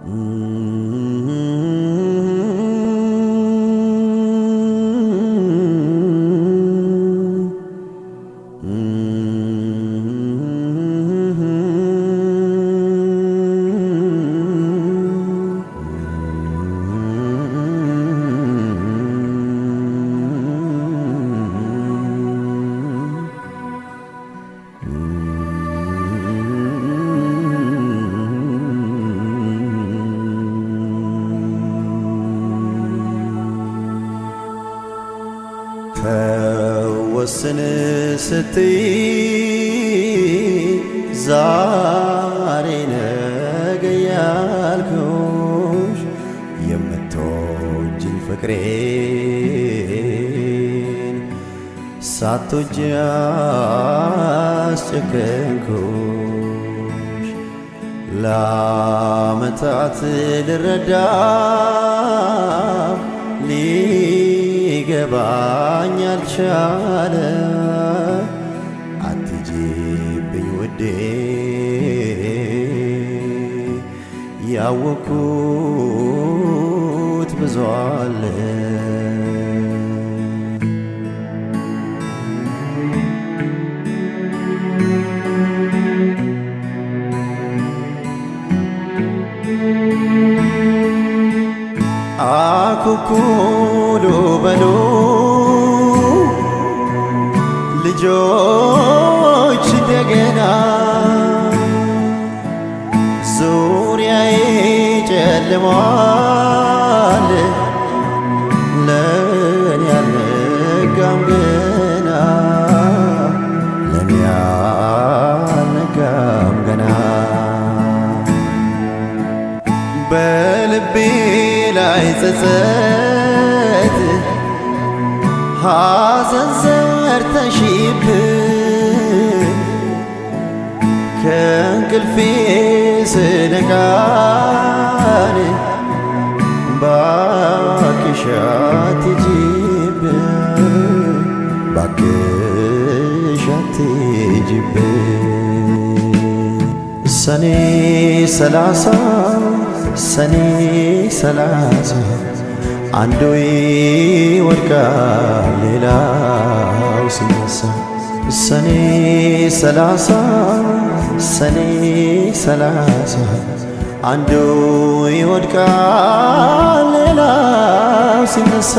hmm Mm-hmm. mm-hmm. mm-hmm. ተወስን ስትይ ዛሬ ነገ ያልኩሽ የምትወጂኝ ፍቅሬን ሳትወጂ አስጨከንኩሽ ለዓመታት ልረዳ ሊገባኝ አልቻለ። አትጅብኝ ውዴ ያወኩት ብዙ አለ አኩኩሉ በሉ ልጆች እንደገና ዙሪያዬ ጨልሟል በልቤ ላይ ጸጸት ሐዘን ዘርተሽብ ከእንቅልፌ ስነቃን ባክሽ አትሂጂብ ባክሽ አትሂጂብ ሰኔ ሰላሳ ሰኔ ሰላሳ አንዱ ይወድቃል ሌላው ሲነሳ ሰኔ ሰላሳ ሰኔ ሰላሳ አንዱ ይወድቃል ሌላው ሲነሳ